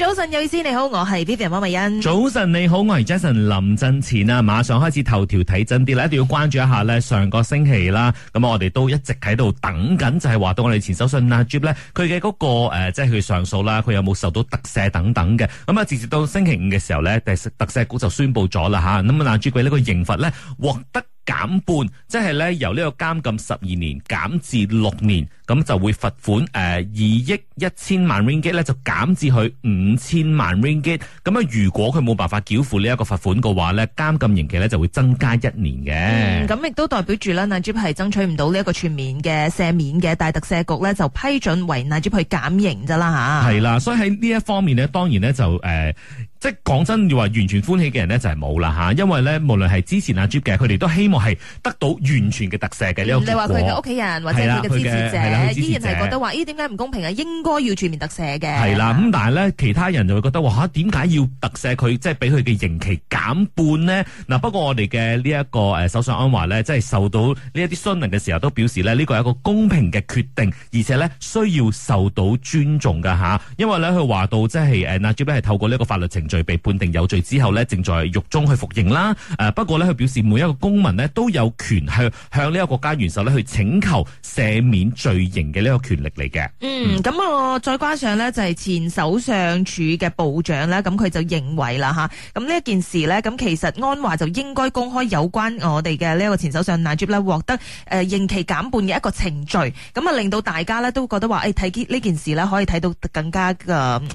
早晨，有意思你好，我係 Vivian 馬美欣。早晨你好，我係 Jason 林振前啊！馬上開始頭條睇真啲啦，一定要關注一下咧。上個星期啦，咁啊，我哋都一直喺度等緊，就係、是、話到我哋前首相啊 Najib 咧、那個，佢嘅嗰個誒，即係佢上訴啦，佢有冇受到特赦等等嘅。咁啊，直至到星期五嘅時候咧，特特赦局就宣佈咗啦吓。咁啊，啊 Najib 佢呢個刑罰咧，獲得減半，即係咧由呢個監禁十二年減至六年。咁就會罰款誒二、呃、億一千萬 ringgit 咧，就減至去五千萬 ringgit。咁啊，如果佢冇辦法繳付呢一個罰款嘅話咧，監禁刑期咧就會增加一年嘅。咁亦都代表住咧，阿 Jib 係爭取唔到呢一個全面嘅赦免嘅，大特赦局咧就批准為阿 Jib 去減刑啫啦嚇。係啦，所以喺呢一方面呢，當然呢就誒、呃，即係講真要話，完全歡喜嘅人呢就係冇啦嚇，因為呢，無論係支持阿 Jib 嘅，佢哋都希望係得到完全嘅特赦嘅呢一個。你話佢嘅屋企人或者佢嘅支持者。依然就覺得話，咦，點解唔公平啊？應該要全面特赦嘅。係啦，咁但係咧，其他人就會覺得話嚇，點、啊、解要特赦佢？即係俾佢嘅刑期減半呢？」嗱，不過我哋嘅呢一個首相、呃、安華呢，即係受到呢一啲詢問嘅時候，都表示呢呢、這個係一個公平嘅決定，而且呢，需要受到尊重㗎、啊。因為呢，佢話到即係誒，納吉比係透過呢個個法律程序被判定有罪之後呢，正在獄中去服刑啦。誒、呃、不過呢，佢表示每一個公民呢，都有權向向呢一個國家元首呢去請求赦免罪。型嘅呢個權力嚟嘅。嗯，咁啊，再加上呢，就係、是、前首相署嘅部長呢，咁佢就認為啦吓，咁呢一件事呢，咁其實安華就應該公開有關我哋嘅呢一個前首相納吉呢獲得誒刑期減半嘅一個程序，咁啊令到大家呢都覺得話，誒睇呢件事呢可以睇到更加嘅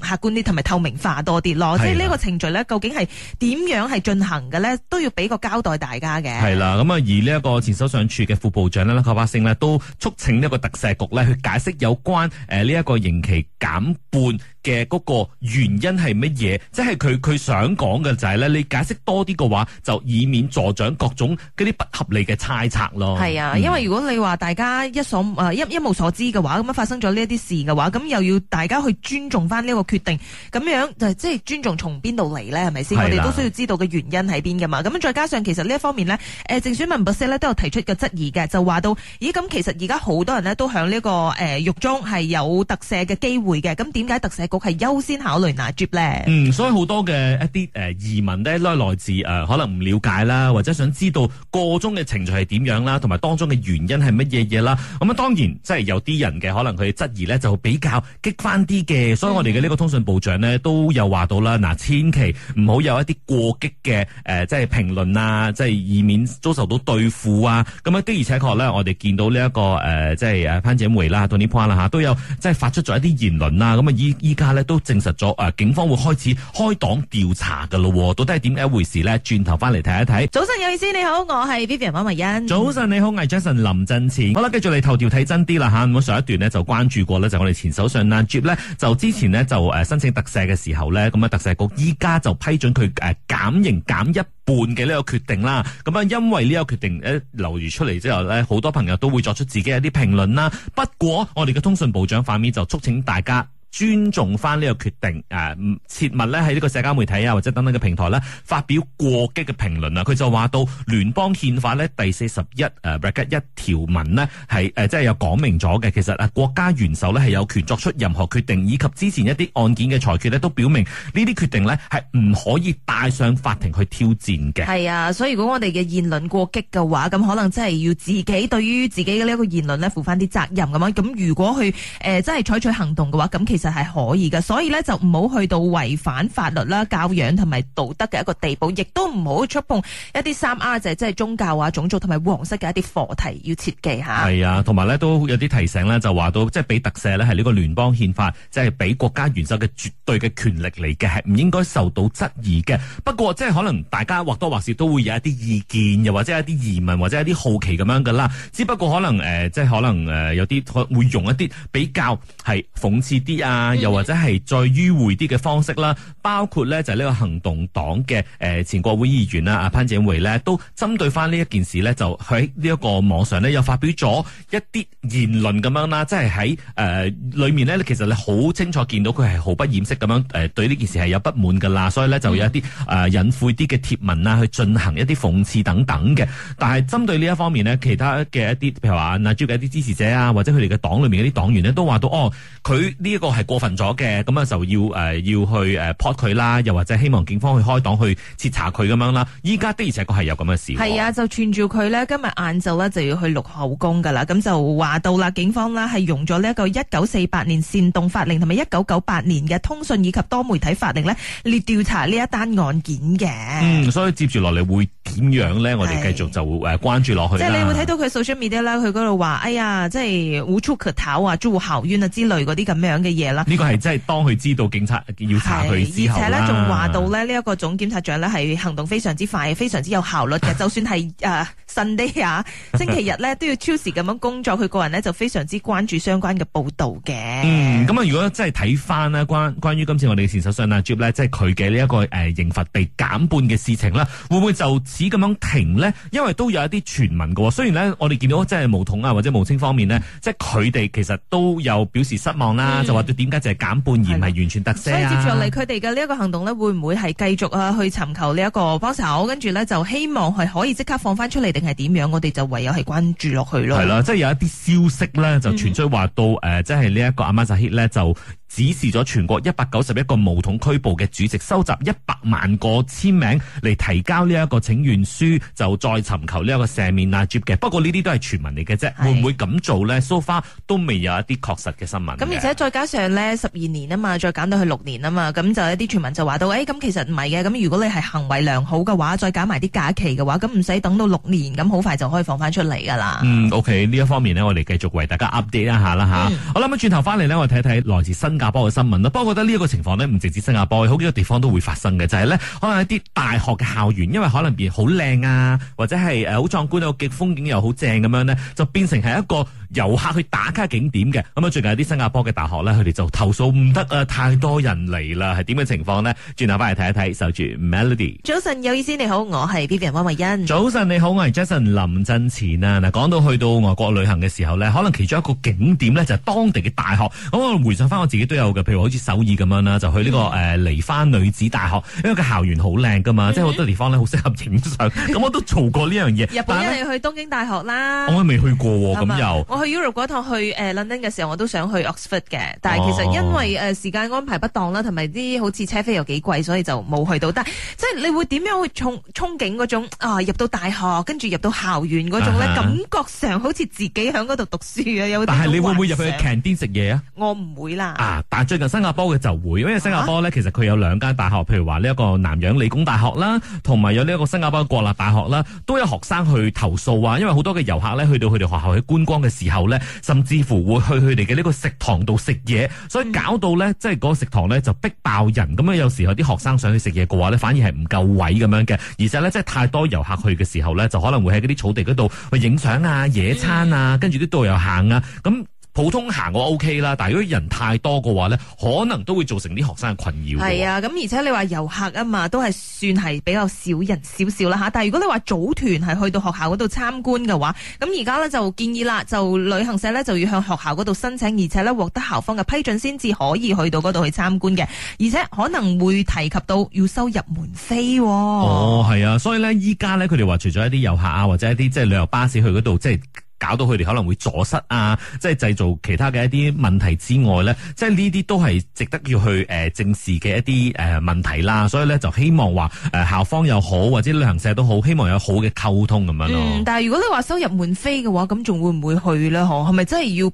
客觀啲同埋透明化多啲咯，的即係呢個程序呢，究竟係點樣係進行嘅呢？都要俾個交代大家嘅。係啦，咁啊而呢一個前首相署嘅副部長呢，卡巴星呢，都促請呢一個特赦。去解釋有關誒呢一個刑期減半嘅嗰個原因係乜嘢？即係佢佢想講嘅就係、是、咧，你解釋多啲嘅話，就以免助長各種嗰啲不合理嘅猜測咯。係啊，因為如果你話大家一所誒、呃、一一無所知嘅話，咁樣發生咗呢一啲事嘅話，咁又要大家去尊重翻呢個決定，咁樣就即、是、係尊重從邊度嚟咧？係咪先？啊、我哋都需要知道嘅原因喺邊㗎嘛。咁再加上其實呢一方面呢，誒政選文博士咧都有提出嘅質疑嘅，就話到咦咁、呃、其實而家好多人呢都向呢、這個誒獄、呃、中係有特赦嘅機會嘅，咁點解特赦局係優先考慮嗱住咧？嗯，所以好多嘅一啲誒移民咧，咧來自誒、呃、可能唔了解啦，或者想知道個中嘅程序係點樣啦，同埋當中嘅原因係乜嘢嘢啦。咁啊當然即係、就是、有啲人嘅可能佢質疑咧，就比較激翻啲嘅。所以我哋嘅呢個通訊部長呢，都有話到啦，嗱，千祈唔好有一啲過激嘅誒，即係評論啊，即係以免遭受到對付啊。咁啊的而且確咧，我哋見到呢、這、一個誒、呃，即係啊認為啦 p a r t 啦吓，都有即係發出咗一啲言論啦。咁啊，依依家咧都證實咗，誒，警方會開始開檔調查噶咯。到底係點一回事咧？轉頭翻嚟睇一睇。早晨，有意思，你好，我係 Vivian y 文欣。早晨，你好，係 Jason 林振前。好啦，繼續嚟頭條睇真啲啦吓。咁上一段咧就關注過咧，就我哋前手上啦 j u 咧就之前呢就誒申請特赦嘅時候咧，咁啊特赦局依家就批准佢誒減刑減一。換嘅呢個決定啦，咁啊，因為呢個決定誒流於出嚟之後咧，好多朋友都會作出自己嘅一啲評論啦。不過我哋嘅通訊部長反面就促請大家。尊重翻呢個決定，誒，切勿呢喺呢個社交媒體啊或者等等嘅平台呢發表過激嘅評論啊。佢就話到聯邦憲法呢第四十一誒 bracket 一條文呢係誒即係有講明咗嘅。其實啊，國家元首呢係有權作出任何決定，以及之前一啲案件嘅裁決呢都表明呢啲決定呢係唔可以帶上法庭去挑戰嘅。係啊，所以如果我哋嘅言論過激嘅話，咁可能真係要自己對於自己嘅呢一個言論呢，負翻啲責任咁樣。咁如果去誒、呃、真係採取行動嘅話，咁其實就係可以嘅，所以咧就唔好去到違反法律啦，教養同埋道德嘅一個地步，亦都唔好觸碰一啲三 r 就即係宗教啊、種族同埋皇室嘅一啲課題，要切記吓。係啊，同埋咧都有啲提醒咧，就話到即係俾特赦咧係呢個聯邦憲法，即係俾國家元首嘅絕對嘅權力嚟嘅，係唔應該受到質疑嘅。不過即係、就是、可能大家或多或少都會有一啲意見，又或者一啲疑問，或者一啲好奇咁樣噶啦。只不過可能誒，即、呃、係、就是、可能誒、呃，有啲會用一啲比較係諷刺啲啊。啊，又或者係再迂回啲嘅方式啦，包括呢就係呢個行動黨嘅誒前國會議員啦，阿、mm hmm. 啊、潘展維呢都針對翻呢一件事呢就喺呢一個網上呢又發表咗一啲言論咁樣啦，即係喺誒裏面呢，其實你好清楚見到佢係毫不掩飾咁樣誒對呢件事係有不滿噶啦，所以呢，就有一啲誒、mm hmm. 呃、隱晦啲嘅貼文啊，去進行一啲諷刺等等嘅。但係針對呢一方面呢，其他嘅一啲譬如話阿朱嘅一啲支持者啊，或者佢哋嘅黨裏面嗰啲黨員呢，都話到哦，佢呢一個係過分咗嘅，咁啊就要誒、呃、要去誒 report 佢啦，又或者希望警方去開檔去徹查佢咁樣啦。依家的而且確係有咁嘅事。係啊，就串住佢咧，今日晏晝咧就要去錄口供噶啦。咁就話到啦，警方呢係用咗呢一個一九四八年煽動法令同埋一九九八年嘅通訊以及多媒體法令呢嚟調查呢一單案件嘅。嗯，所以接住落嚟會點樣呢？我哋繼續就會誒關注落去。即係、就是、你會睇到佢 social media 啦，佢嗰度話，哎呀，即係胡出拳頭啊，做校冤啊之類嗰啲咁樣嘅嘢。呢個係真係當佢知道警察要查佢之後，而且咧，仲話到咧，呢、這、一個總檢察長咧係行動非常之快，非常之有效率嘅。 就算係啊、uh,，Sunday 啊，星期日咧都要超時咁樣工作。佢個人呢就非常之關注相關嘅報導嘅。咁啊、嗯嗯，如果真係睇翻咧，關關於今次我哋嘅前首相啊 Najib，即係佢嘅呢一個誒刑、呃、罰被減半嘅事情啦，會唔會就此咁樣停呢？因為都有一啲傳聞嘅喎。雖然呢，我哋見到即係巫統啊，或者巫青方面呢，即係佢哋其實都有表示失望啦，嗯、就話。點解就係減半而唔係完全得升啊？所以接住落嚟，佢哋嘅呢一個行動咧，會唔會係繼續啊？去尋求呢一個幫手，跟住咧就希望係可以即刻放翻出嚟，定係點樣？我哋就唯有係關注落去咯。係啦，即係有一啲消息咧，就傳出話到誒，即係呢一個阿媽扎 hit 咧就。指示咗全國一百九十一個巫統區部嘅主席，收集一百萬個簽名嚟提交呢一個請願書，就再尋求呢一個赦免啊 j 嘅，不過呢啲都係傳聞嚟嘅啫，是會唔會咁做咧？So far 都未有一啲確實嘅新聞。咁、嗯、而且再加上咧十二年啊嘛，再減到去六年啊嘛，咁就一啲傳聞就話到，誒、哎、咁其實唔係嘅，咁如果你係行為良好嘅話，再減埋啲假期嘅話，咁唔使等到六年，咁好快就可以放翻出嚟㗎啦。嗯，OK，呢一方面呢，我哋繼續為大家 update 一下啦嚇。嗯、好啦，咁轉頭翻嚟呢，我哋睇睇來自新。新加坡嘅新聞啦，不過我覺得呢一個情況呢，唔淨止新加坡，好幾個地方都會發生嘅，就係呢，可能一啲大學嘅校園，因為可能變好靚啊，或者係誒好壯觀，又極風景又好正咁樣呢，就變成係一個遊客去打卡景點嘅。咁啊，最近有啲新加坡嘅大學呢，佢哋就投訴唔得啊，太多人嚟啦，係點嘅情況呢？轉頭翻嚟睇一睇，守住 Melody。早晨有意思，你好，我係 Vivian 汪慧欣。早晨你好，我係 Jason 林振前啊。嗱，講到去到外國旅行嘅時候呢，可能其中一個景點呢，就係當地嘅大學。咁我回想翻我自己。都有嘅，譬如好似首爾咁樣啦，就去呢、這個誒、呃、梨花女子大學，因為個校園好靚噶嘛，即係好多地方咧好適合影相。咁、嗯、哼我都做過呢樣嘢。日本你去東京大學啦，我未去過咁、啊、嗎又。我去 Europe 嗰趟去誒 London 嘅時候，我都想去 Oxford 嘅，但係其實因為誒時間安排不當啦，同埋啲好似車飛又幾貴，所以就冇去到。但係即係你會點樣去憧憧憬嗰種啊，入到大學，跟住入到校園嗰種咧、啊、哈感覺上好似自己喺嗰度讀書啊，但係你會唔會入去 canteen 食嘢啊？我唔會啦。啊但最近新加坡嘅就會，因為新加坡咧，其實佢有兩間大學，譬如話呢一個南洋理工大學啦，同埋有呢一個新加坡國立大學啦，都有學生去投訴啊。因為好多嘅遊客咧，去到佢哋學校去觀光嘅時候咧，甚至乎會去佢哋嘅呢個食堂度食嘢，所以搞到咧，即係嗰個食堂咧就逼爆人。咁樣有時候啲學生想去食嘢嘅話咧，反而係唔夠位咁樣嘅，而且咧即係太多遊客去嘅時候咧，就可能會喺嗰啲草地嗰度去影相啊、野餐啊，跟住啲導遊行啊，咁。普通行我 O K 啦，但係如果人太多嘅話呢，可能都會造成啲學生嘅困擾。係啊，咁而且你話遊客啊嘛，都係算係比較少人少少啦吓。但係如果你話組團係去到學校嗰度參觀嘅話，咁而家呢就建議啦，就旅行社呢就要向學校嗰度申請，而且呢獲得校方嘅批准先至可以去到嗰度去參觀嘅，而且可能會提及到要收入門票。哦，係啊，所以呢，而家呢，佢哋話除咗一啲遊客啊，或者一啲即係旅遊巴士去嗰度，即係。搞到佢哋可能會阻塞啊，即係製造其他嘅一啲問題之外咧，即係呢啲都係值得要去誒、呃、正視嘅一啲誒、呃、問題啦。所以咧就希望話誒、呃、校方又好，或者旅行社都好，希望有好嘅溝通咁樣咯。嗯、但係如果你話收入門飛嘅話，咁仲會唔會去咧？嗬，係咪真係要？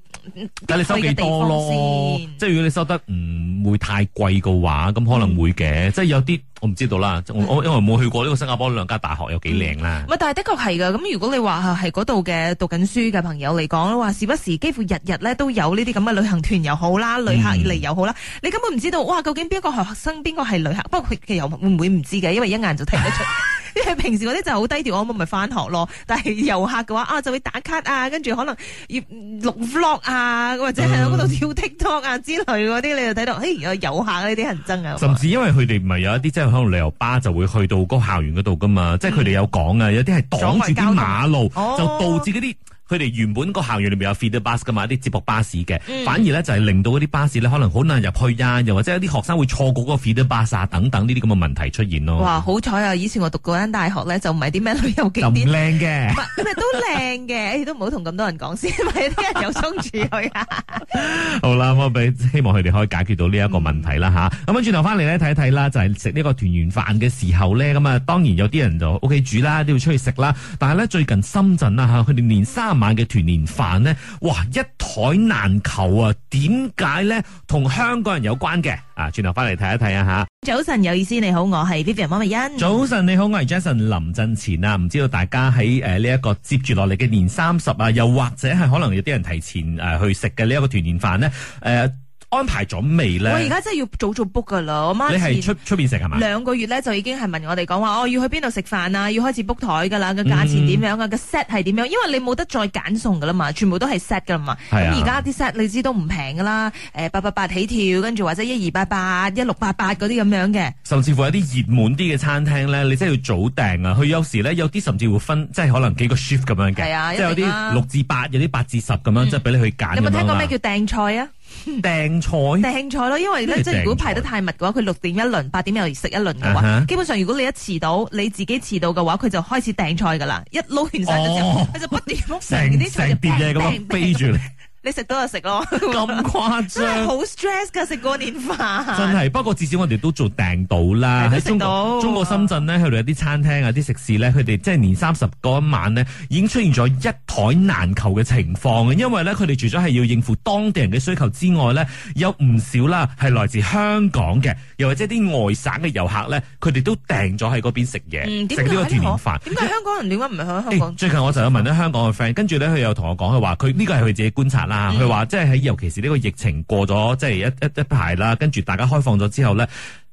睇你收幾多咯，先即係如果你收得唔會太貴嘅話，咁可能會嘅，嗯、即係有啲。唔知道啦，我因為冇去過呢個新加坡兩家大學有幾靚啦。唔係、嗯，但係的確係噶。咁如果你話係嗰度嘅讀緊書嘅朋友嚟講，話時不時幾乎日日咧都有呢啲咁嘅旅行團又好啦，旅客嚟又好啦，嗯、你根本唔知道哇！究竟邊個學生，邊個係旅客？不過佢又會唔會唔知嘅？因為一眼就睇得出。 即係平時嗰啲就好低調，咁我咪翻學咯。但係遊客嘅話啊，就會打卡啊，跟住可能要錄 vlog 啊，或者係喺嗰度跳 TikTok 啊之類嗰啲，uh, 你就睇到，哎、欸，有遊客呢啲人憎啊。甚至因為佢哋唔係有一啲即係可能旅遊巴就會去到嗰個校園嗰度噶嘛，嗯、即係佢哋有講啊，有啲係擋住啲馬路，道啊哦、就導致嗰啲。佢哋原本個校園裏面有 free 的 bus 噶嘛，一啲接駁巴士嘅，嗯、反而咧就係令到嗰啲巴士咧可能好難入去啊，又或者有啲學生會錯過嗰個 free 的 bus 啊等等呢啲咁嘅問題出現咯。哇，好彩啊！以前我讀嗰間大學咧就唔係啲咩旅遊景點，唔靚嘅，唔係都靚嘅，都唔好同咁多人講先，唔係啲人有鬆住去啊。好啦，我俾希望佢哋可以解決到呢一個問題啦吓，咁啊、嗯，轉頭翻嚟咧睇一睇啦，就係食呢個團圓飯嘅時候咧，咁啊當然有啲人就屋企煮啦，都要出去食啦。但係咧最近深圳啊嚇，佢哋年三。今晚嘅團年飯呢，哇，一枱難求啊！點解呢？同香港人有關嘅啊，轉頭翻嚟睇一睇啊吓！早晨有意思，你好，我係 Vivian 馬美欣。早晨你好，我係 Jason 林振前啊！唔知道大家喺誒呢一個接住落嚟嘅年三十啊，又或者係可能有啲人提前誒、呃、去食嘅呢一個團年飯呢。誒、呃。安排咗未咧？我而家真係要早早 book 噶啦！我媽，你係出出面食係嘛？兩個月咧就已經係問我哋講話，哦，要去邊度食飯啊？要開始 book 台噶啦，個價錢點樣啊？個 set 係點樣？因為你冇得再揀餸噶啦嘛，全部都係 set 噶啦嘛。咁而家啲 set 你知都唔平噶啦，誒八八八起跳，跟住或者一二八八、一六八八嗰啲咁樣嘅。甚至乎有啲熱門啲嘅餐廳咧，你真係要早訂啊！佢有時咧有啲甚至會分，即係可能幾個 shift 咁樣嘅，啊啊、即係有啲六至八，有啲八至十咁樣，嗯、即係俾你去揀。你有冇聽過咩叫訂菜啊？訂菜，訂菜咯，因為咧，即係如果排得太密嘅話，佢六點一輪，八點又食一輪嘅話，基本上如果你一遲到，你自己遲到嘅話，佢就開始訂菜噶啦，一撈完曬嘅時候，佢就不斷放成成碟嘢咁飛住嚟。你食到就食咯，咁誇張，真係好 stress 㗎，食過年飯。真係，不過至少我哋都做訂到啦。訂到，中國深圳呢，佢哋有啲餐廳啊，啲食肆呢，佢哋即係年三十嗰一晚呢，已經出現咗一枱難求嘅情況啊！因為呢，佢哋除咗係要應付當地人嘅需求之外呢，有唔少啦係來自香港嘅，又或者啲外省嘅遊客呢，佢哋都訂咗喺嗰邊食嘢，食呢個團年飯。點解香港人點解唔係喺香港？最近我就有問咗香港嘅 friend，跟住呢佢又同我講，佢話佢呢個係佢自己觀察啦。啊！佢話即係喺，尤其是呢個疫情過咗，即係一一一排啦，跟住大家開放咗之後咧。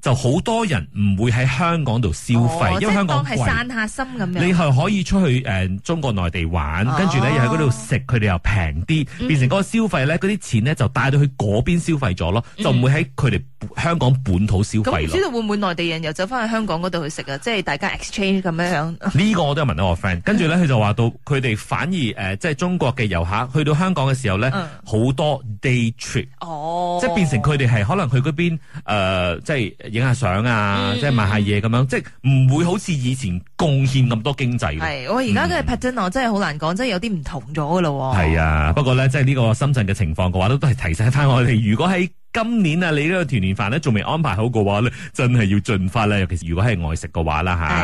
就好多人唔會喺香港度消費，哦、因為香港貴。當係散下心咁樣。你係可以出去誒、呃、中國內地玩，跟住咧又喺嗰度食，佢哋又平啲，嗯、變成嗰個消費咧，嗰啲錢咧就帶到去嗰邊消費咗咯，嗯、就唔會喺佢哋香港本土消費咯。咁、嗯、知道會唔會內地人又走翻去香港嗰度去食啊？即、就、係、是、大家 exchange 咁樣樣。呢個我都有問到我 friend，跟住咧佢就話到，佢哋反而誒即係中國嘅遊客去到香港嘅時候咧，好、嗯、多 day trip、哦、即係變成佢哋係可能去嗰邊即係、呃就是影下相啊，即係買下嘢咁樣，即係唔會好似以前貢獻咁多經濟。係我而家嘅拍真，我真係好難講，真係有啲唔同咗嘅咯。係啊，嗯、不過咧，即係呢個深圳嘅情況嘅話咧，都係提醒翻我哋，如果喺今年啊，你呢個團年飯咧仲未安排好嘅話咧，真係要盡翻盡快啦，尤其是如果係外食嘅話啦吓。